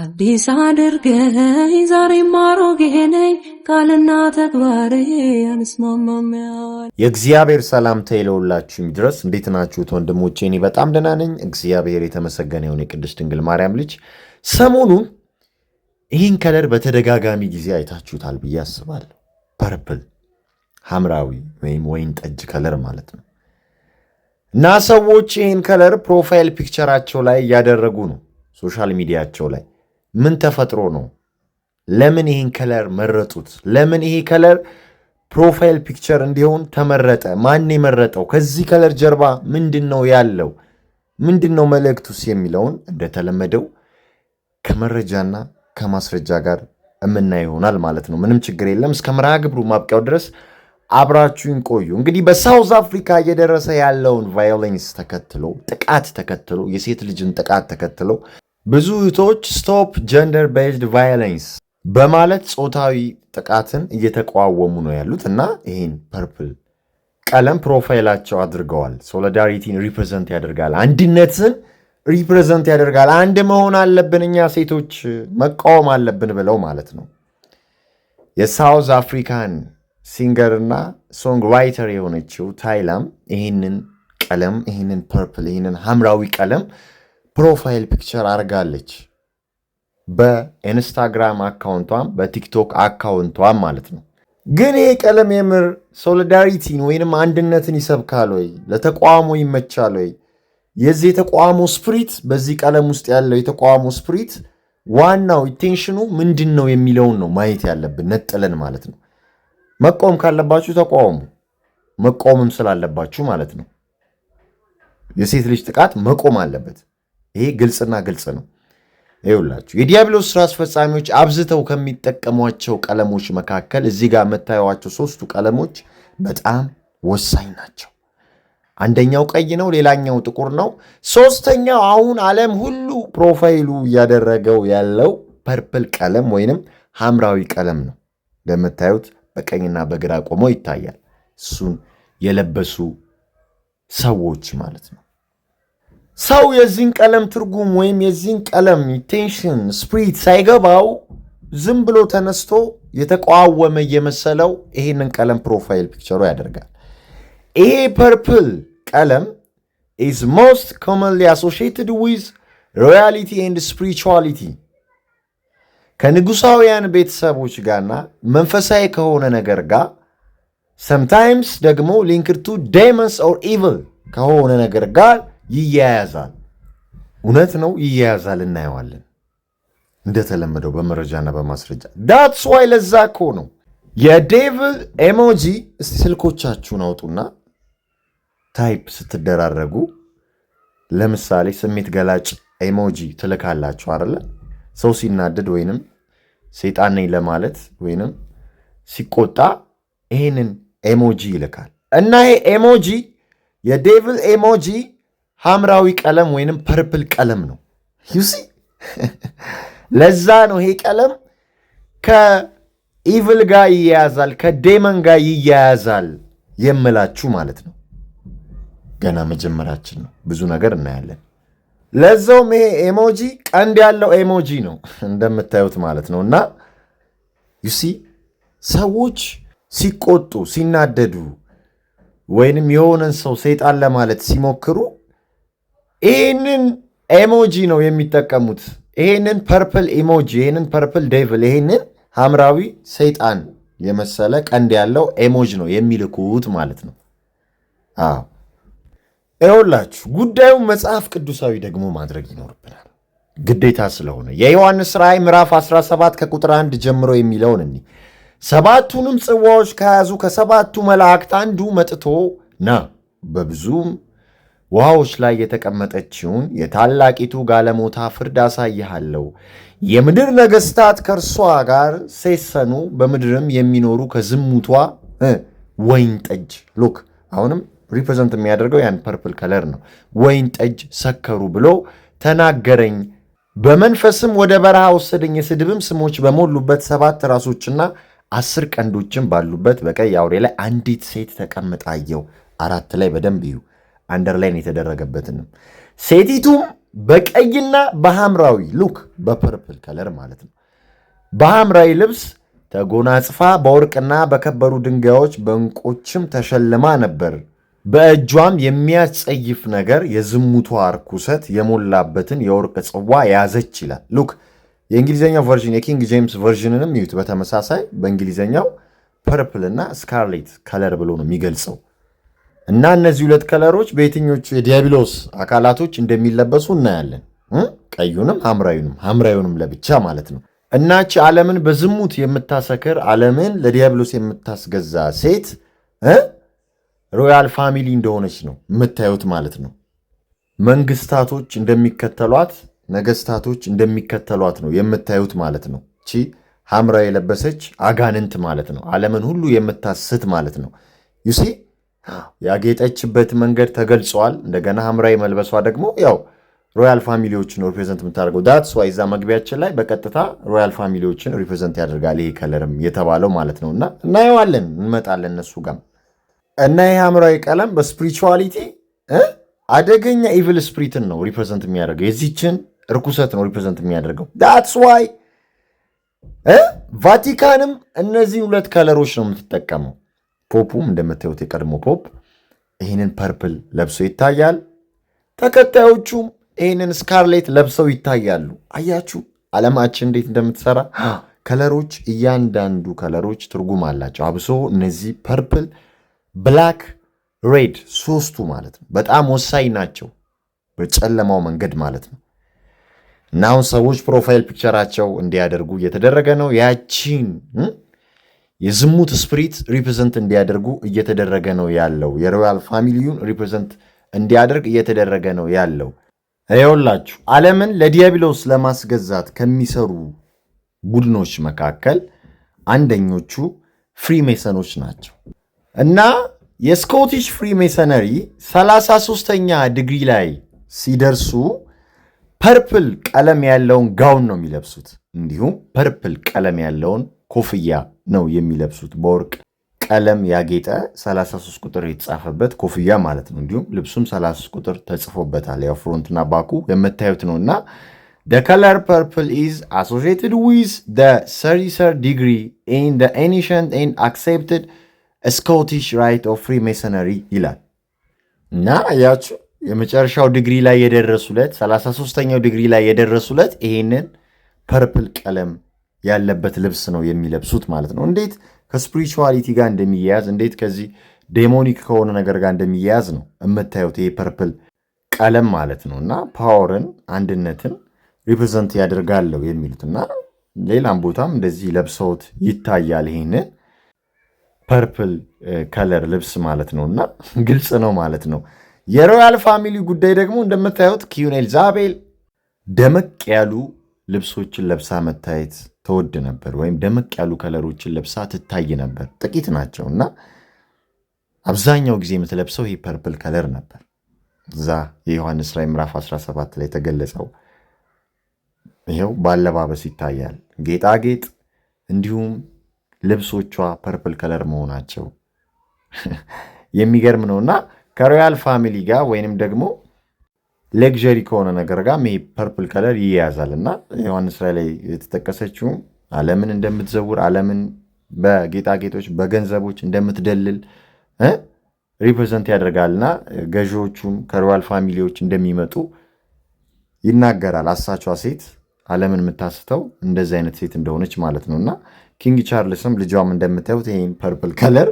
አዲስ አድርገኝ ዛሬም አሮጌ ነኝ፣ ቃልና ተግባሬ አንስማማም። የእግዚአብሔር ሰላምታ ለሁላችሁም ድረስ። እንዴት ናችሁት ወንድሞቼ? እኔ በጣም ደህና ነኝ፣ እግዚአብሔር የተመሰገነ ይሁን። የቅድስት ድንግል ማርያም ልጅ ሰሞኑ ይህን ከለር በተደጋጋሚ ጊዜ አይታችሁታል ብዬ አስባለሁ። ፐርፕል ሐምራዊ ወይም ወይን ጠጅ ከለር ማለት ነው። እና ሰዎች ይህን ከለር ፕሮፋይል ፒክቸራቸው ላይ እያደረጉ ነው፣ ሶሻል ሚዲያቸው ላይ ምን ተፈጥሮ ነው? ለምን ይህን ከለር መረጡት? ለምን ይሄ ከለር ፕሮፋይል ፒክቸር እንዲሆን ተመረጠ? ማን የመረጠው? ከዚህ ከለር ጀርባ ምንድን ነው ያለው? ምንድን ነው መልእክቱስ? የሚለውን እንደተለመደው ከመረጃና ከማስረጃ ጋር የምናየው ይሆናል ማለት ነው። ምንም ችግር የለም። እስከ መርሃ ግብሩ ማብቂያው ድረስ አብራችሁን ቆዩ። እንግዲህ በሳውዝ አፍሪካ እየደረሰ ያለውን ቫዮሌንስ ተከትሎ ጥቃት ተከትሎ የሴት ልጅን ጥቃት ተከትሎ ብዙ እህቶች ስቶፕ ጀንደር ቤዝድ ቫዮለንስ በማለት ጾታዊ ጥቃትን እየተቋወሙ ነው ያሉት እና ይህን ፐርፕል ቀለም ፕሮፋይላቸው አድርገዋል። ሶሊዳሪቲን ሪፕሬዘንት ያደርጋል፣ አንድነትን ሪፕሬዘንት ያደርጋል። አንድ መሆን አለብን እኛ ሴቶች መቃወም አለብን ብለው ማለት ነው። የሳውዝ አፍሪካን ሲንገር እና ሶንግ ራይተር የሆነችው ታይላም ይህንን ቀለም ይህንን ፐርፕል ይህንን ሐምራዊ ቀለም ፕሮፋይል ፒክቸር አድርጋለች። በኢንስታግራም አካውንቷም በቲክቶክ አካውንቷም ማለት ነው። ግን ይሄ ቀለም የምር ሶሊዳሪቲን ወይንም አንድነትን ይሰብካል ወይ? ለተቋሙ ይመቻል ወይ? የዚህ የተቋሙ ስፕሪት በዚህ ቀለም ውስጥ ያለው የተቋሙ ስፕሪት ዋናው ኢንቴንሽኑ ምንድን ነው የሚለውን ነው ማየት ያለብን ነጥለን ማለት ነው። መቆም ካለባችሁ ተቋሙ መቆምም ስላለባችሁ ማለት ነው። የሴት ልጅ ጥቃት መቆም አለበት። ይሄ ግልጽና ግልጽ ነው። ይውላችሁ የዲያብሎስ ስራ አስፈጻሚዎች አብዝተው ከሚጠቀሟቸው ቀለሞች መካከል እዚህ ጋር የምታዩቸው ሶስቱ ቀለሞች በጣም ወሳኝ ናቸው። አንደኛው ቀይ ነው፣ ሌላኛው ጥቁር ነው፣ ሶስተኛው አሁን ዓለም ሁሉ ፕሮፋይሉ እያደረገው ያለው ፐርፕል ቀለም ወይንም ሐምራዊ ቀለም ነው። እንደምታዩት በቀኝና በግራ ቆሞ ይታያል። እሱን የለበሱ ሰዎች ማለት ነው። ሰው የዚህን ቀለም ትርጉም ወይም የዚህን ቀለም ኢንቴንሽን ስፕሪት ሳይገባው ዝም ብሎ ተነስቶ የተቋወመ እየመሰለው ይሄንን ቀለም ፕሮፋይል ፒክቸሩ ያደርጋል። ይሄ ፐርፕል ቀለም ኢዝ ሞስት ኮመንሊ አሶሺየትድ ዊዝ ሮያሊቲ ኤንድ ስፕሪቹዋሊቲ ከንጉሳውያን ቤተሰቦች ጋርና መንፈሳዊ ከሆነ ነገር ጋር ሰምታይምስ ደግሞ ሊንክድ ቱ ዴመንስ ኦር ኢቭል ከሆነ ነገር ጋር ይያያዛል። እውነት ነው ይያያዛል፣ እናየዋለን። እንደተለመደው በመረጃና በማስረጃ ዳትስ ዋይ። ለዛ እኮ ነው የዴቭ ኤሞጂ። እስቲ ስልኮቻችሁን አውጡና ታይፕ ስትደራረጉ ለምሳሌ ስሜት ገላጭ ኤሞጂ ትልካላችሁ አይደለ? ሰው ሲናደድ ወይንም ሰይጣን ነኝ ለማለት ወይንም ሲቆጣ ይህንን ኤሞጂ ይልካል እና ይሄ ኤሞጂ የዴቪል ኤሞጂ ሐምራዊ ቀለም ወይንም ፐርፕል ቀለም ነው። ዩሲ ለዛ ነው ይሄ ቀለም ከኢቭል ጋር ይያያዛል፣ ከዴመን ጋር ይያያዛል የምላችሁ ማለት ነው። ገና መጀመራችን ነው። ብዙ ነገር እናያለን። ለዛውም ይሄ ኤሞጂ ቀንድ ያለው ኤሞጂ ነው እንደምታዩት ማለት ነው። እና ዩሲ ሰዎች ሲቆጡ ሲናደዱ፣ ወይንም የሆነን ሰው ሰይጣን ለማለት ሲሞክሩ ይህንን ኤሞጂ ነው የሚጠቀሙት። ይህንን ፐርፕል ኢሞጂ፣ ይህንን ፐርፕል ዴቭል፣ ይህንን ሐምራዊ ሰይጣን የመሰለ ቀንድ ያለው ኤሞጂ ነው የሚልኩት ማለት ነው። አዎ ይኸውላችሁ ጉዳዩን መጽሐፍ ቅዱሳዊ ደግሞ ማድረግ ይኖርብናል ግዴታ ስለሆነ የዮሐንስ ራእይ ምዕራፍ 17 ከቁጥር 1 ጀምሮ የሚለውን እኒ ሰባቱንም ጽዋዎች ከያዙ ከሰባቱ መላእክት አንዱ መጥቶ ና በብዙም ውሃዎች ላይ የተቀመጠችውን የታላቂቱ ጋለሞታ ፍርድ አሳይሃለሁ። የምድር ነገሥታት ከእርሷ ጋር ሴሰኑ፣ በምድርም የሚኖሩ ከዝሙቷ ወይን ጠጅ ሎክ አሁንም ሪፕሬዘንት የሚያደርገው ያን ፐርፕል ከለር ነው። ወይን ጠጅ ሰከሩ ብሎ ተናገረኝ። በመንፈስም ወደ በረሃ ወሰደኝ። የስድብም ስሞች በሞሉበት ሰባት ራሶችና አስር ቀንዶችም ባሉበት በቀይ አውሬ ላይ አንዲት ሴት ተቀምጣየው አራት ላይ በደንብ እዩ። አንደርላይን የተደረገበትን ነው። ሴቲቱም በቀይና በሐምራዊ ሉክ በፐርፕል ከለር ማለት ነው በሐምራዊ ልብስ ተጎናጽፋ በወርቅና በከበሩ ድንጋዮች በእንቆችም ተሸልማ ነበር። በእጇም የሚያስጸይፍ ነገር የዝሙቷ ርኩሰት የሞላበትን የወርቅ ጽዋ ያዘች ይላል። ሉክ የእንግሊዝኛው ቨርዥን የኪንግ ጄምስ ቨርዥንንም ይዩት። በተመሳሳይ በእንግሊዝኛው ፐርፕል እና ስካርሌት ከለር ብሎ ነው የሚገልጸው። እና እነዚህ ሁለት ከለሮች በየትኞቹ የዲያብሎስ አካላቶች እንደሚለበሱ እናያለን። ቀዩንም ሐምራዊንም ሐምራዊንም ለብቻ ማለት ነው። እናች ዓለምን በዝሙት የምታሰክር ዓለምን ለዲያብሎስ የምታስገዛ ሴት ሮያል ፋሚሊ እንደሆነች ነው የምታዩት ማለት ነው። መንግስታቶች እንደሚከተሏት፣ ነገስታቶች እንደሚከተሏት ነው የምታዩት ማለት ነው። ቺ ሐምራዊ የለበሰች አጋንንት ማለት ነው። ዓለምን ሁሉ የምታስት ማለት ነው ዩሴ ያጌጠችበት መንገድ ተገልጿል። እንደገና ሐምራዊ መልበሷ ደግሞ ያው ሮያል ፋሚሊዎችን ሪፕሬዘንት የምታደርገው ዳትስ ዋይ እዛ መግቢያችን ላይ በቀጥታ ሮያል ፋሚሊዎችን ሪፕሬዘንት ያደርጋል ይሄ ከለርም የተባለው ማለት ነው። እና እናየዋለን እንመጣለን እነሱ ጋም እና ይህ ሐምራዊ ቀለም በስፕሪቹዋሊቲ አደገኛ ኢቪል ስፕሪትን ነው ሪፕሬዘንት የሚያደርገው የዚችን ርኩሰት ነው ሪፕሬዘንት የሚያደርገው። ዳትስ ዋይ ቫቲካንም እነዚህን ሁለት ከለሮች ነው የምትጠቀመው። ፖፑም እንደምታዩት የቀድሞ ፖፕ ይህንን ፐርፕል ለብሶ ይታያል። ተከታዮቹም ይህንን ስካርሌት ለብሰው ይታያሉ። አያችሁ ዓለማችን እንዴት እንደምትሰራ ከለሮች፣ እያንዳንዱ ከለሮች ትርጉም አላቸው። አብሶ እነዚህ ፐርፕል፣ ብላክ፣ ሬድ ሶስቱ ማለት ነው በጣም ወሳኝ ናቸው። በጨለማው መንገድ ማለት ነው እና አሁን ሰዎች ፕሮፋይል ፒክቸራቸው እንዲያደርጉ እየተደረገ ነው ያቺን የዝሙት ስፕሪት ሪፕሬዘንት እንዲያደርጉ እየተደረገ ነው ያለው። የሮያል ፋሚሊዩን ሪፕሬዘንት እንዲያደርግ እየተደረገ ነው ያለው። ይኸውላችሁ ዓለምን ለዲያብሎስ ለማስገዛት ከሚሰሩ ቡድኖች መካከል አንደኞቹ ፍሪሜሰኖች ናቸው እና የስኮቲሽ ፍሪሜሰነሪ 33ኛ ዲግሪ ላይ ሲደርሱ ፐርፕል ቀለም ያለውን ጋውን ነው የሚለብሱት። እንዲሁም ፐርፕል ቀለም ያለውን ኮፍያ ነው የሚለብሱት። በወርቅ ቀለም ያጌጠ 33 ቁጥር የተጻፈበት ኮፍያ ማለት ነው። እንዲሁም ልብሱም 33 ቁጥር ተጽፎበታል። ያው ፍሮንትና ባኩ የምታዩት ነው እና ደ ከለር ፐርፕል ኢዝ አሶሺየትድ ዊዝ ደ ሰሪሰር ዲግሪ ኢን ደ ኤኒሸንት ኤን አክሴፕትድ ስኮቲሽ ራይት ኦፍ ፍሪሜሰነሪ ይላል እና ያችሁ የመጨረሻው ዲግሪ ላይ የደረሱለት 33ኛው ዲግሪ ላይ የደረሱለት ይሄንን ፐርፕል ቀለም ያለበት ልብስ ነው የሚለብሱት ማለት ነው። እንዴት ከስፕሪቹዋሊቲ ጋር እንደሚያያዝ እንዴት ከዚህ ዴሞኒክ ከሆነ ነገር ጋር እንደሚያያዝ ነው የምታዩት ይሄ ፐርፕል ቀለም ማለት ነው። እና ፓወርን አንድነትን ሪፕሬዘንት ያደርጋለው የሚሉት እና ሌላም ቦታም እንደዚህ ለብሰውት ይታያል ይህንን ፐርፕል ከለር ልብስ ማለት ነው። እና ግልጽ ነው ማለት ነው። የሮያል ፋሚሊ ጉዳይ ደግሞ እንደምታዩት ኪዩን ኤልዛቤል ደመቅ ያሉ ልብሶችን ለብሳ መታየት ተወድ ነበር፣ ወይም ደመቅ ያሉ ከለሮችን ለብሳ ትታይ ነበር። ጥቂት ናቸው እና አብዛኛው ጊዜ የምትለብሰው ይህ ፐርፕል ከለር ነበር። እዛ የዮሐንስ ራዕይ ምዕራፍ 17 ላይ የተገለጸው ይኸው በአለባበስ ይታያል። ጌጣጌጥ እንዲሁም ልብሶቿ ፐርፕል ከለር መሆናቸው የሚገርም ነው እና ከሮያል ፋሚሊ ጋር ወይንም ደግሞ ሌግዠሪ ከሆነ ነገር ጋር ይሄ ፐርፕል ከለር ይያያዛል እና ዮሐንስ ራዕይ ላይ የተጠቀሰችውም ዓለምን እንደምትዘውር ዓለምን በጌጣጌጦች በገንዘቦች እንደምትደልል ሪፕሬዘንት ያደርጋልና ገዢዎቹም ከሮያል ፋሚሊዎች እንደሚመጡ ይናገራል። አሳቿ ሴት ዓለምን የምታስተው እንደዚህ አይነት ሴት እንደሆነች ማለት ነው እና ኪንግ ቻርልስም ልጇም እንደምታዩት ይህን ፐርፕል ከለር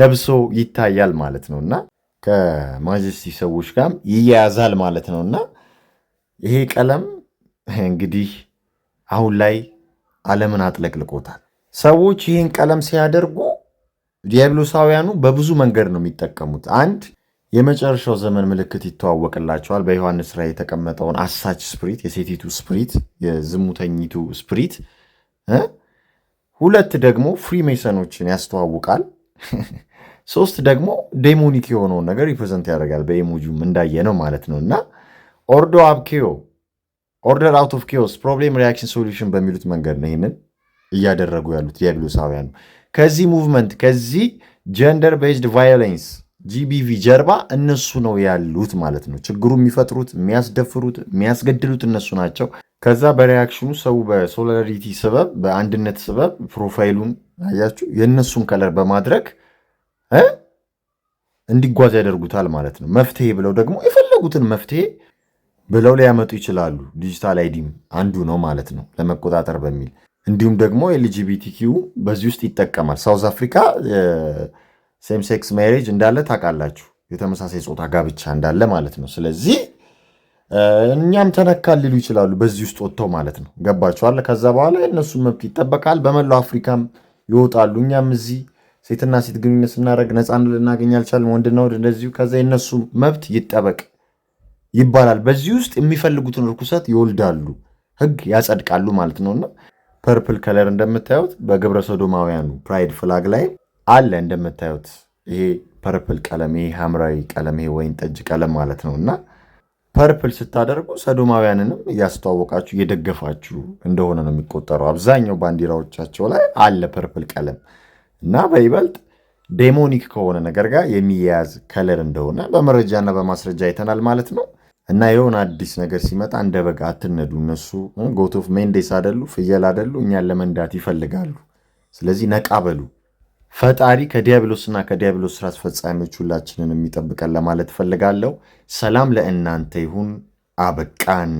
ለብሶ ይታያል ማለት ነው እና ከማጀስቲ ሰዎች ጋር ይያያዛል ማለት ነው እና ይሄ ቀለም እንግዲህ አሁን ላይ ዓለምን አጥለቅልቆታል። ሰዎች ይህን ቀለም ሲያደርጉ ዲያብሎሳውያኑ በብዙ መንገድ ነው የሚጠቀሙት። አንድ የመጨረሻው ዘመን ምልክት ይተዋወቅላቸዋል። በዮሐንስ ራዕይ የተቀመጠውን አሳች ስፕሪት፣ የሴቲቱ ስፕሪት፣ የዝሙተኝቱ ስፕሪት። ሁለት ደግሞ ፍሪሜሰኖችን ያስተዋውቃል። ሶስት ደግሞ ዴሞኒክ የሆነውን ነገር ሪፕሬዘንት ያደርጋል በኤሞጂም እንዳየ ነው ማለት ነው እና ኦርዶ አብ ኪዮ ኦርደር አውት ኦፍ ኪዮስ ፕሮብሌም ሪያክሽን ሶሉሽን በሚሉት መንገድ ነው ይህንን እያደረጉ ያሉት ዲያብሎሳውያኑ። ከዚህ ሙቭመንት ከዚህ ጀንደር ቤዝድ ቫዮለንስ ጂቢቪ ጀርባ እነሱ ነው ያሉት ማለት ነው። ችግሩ የሚፈጥሩት የሚያስደፍሩት፣ የሚያስገድሉት እነሱ ናቸው። ከዛ በሪያክሽኑ ሰው በሶላሪቲ ስበብ በአንድነት ስበብ ፕሮፋይሉን አያችሁ የእነሱን ከለር በማድረግ እንዲጓዝ ያደርጉታል ማለት ነው። መፍትሄ ብለው ደግሞ የፈለጉትን መፍትሄ ብለው ሊያመጡ ይችላሉ። ዲጂታል አይዲም አንዱ ነው ማለት ነው ለመቆጣጠር በሚል እንዲሁም ደግሞ ኤልጂቢቲኪዩ በዚህ ውስጥ ይጠቀማል። ሳውዝ አፍሪካ ሴምሴክስ ማሬጅ እንዳለ ታውቃላችሁ፣ የተመሳሳይ ፆታ ጋብቻ እንዳለ ማለት ነው። ስለዚህ እኛም ተነካ ሊሉ ይችላሉ በዚህ ውስጥ ወጥተው ማለት ነው። ገባችኋል? ከዛ በኋላ የእነሱ መብት ይጠበቃል። በመላው አፍሪካም ይወጣሉ። እኛም እዚህ ሴትና ሴት ግንኙነት ስናደረግ ነፃነት ልናገኝ አልቻልም፣ ወንድና ወንድ እንደዚሁ። ከዛ የነሱ መብት ይጠበቅ ይባላል። በዚህ ውስጥ የሚፈልጉትን እርኩሰት ይወልዳሉ፣ ህግ ያጸድቃሉ ማለት ነውና ፐርፕል ከለር እንደምታዩት በግብረ ሶዶማውያኑ ፕራይድ ፍላግ ላይ አለ። እንደምታዩት ይሄ ፐርፕል ቀለም፣ ይሄ ሐምራዊ ቀለም፣ ይሄ ወይን ጠጅ ቀለም ማለት ነው እና ፐርፕል ስታደርጉ ሰዶማውያንንም እያስተዋወቃችሁ እየደገፋችሁ እንደሆነ ነው የሚቆጠረው። አብዛኛው ባንዲራዎቻቸው ላይ አለ ፐርፕል ቀለም። እና በይበልጥ ዴሞኒክ ከሆነ ነገር ጋር የሚያያዝ ከለር እንደሆነ በመረጃና በማስረጃ አይተናል ማለት ነው። እና የሆነ አዲስ ነገር ሲመጣ እንደ በግ አትነዱ። እነሱ ጎቶፍ ሜንዴስ አደሉ፣ ፍየል አደሉ፣ እኛን ለመንዳት ይፈልጋሉ። ስለዚህ ነቃ በሉ። ፈጣሪ ከዲያብሎስና ከዲያብሎስ ስራ አስፈጻሚዎች ሁላችንን የሚጠብቀን ለማለት እፈልጋለሁ። ሰላም ለእናንተ ይሁን። አበቃን።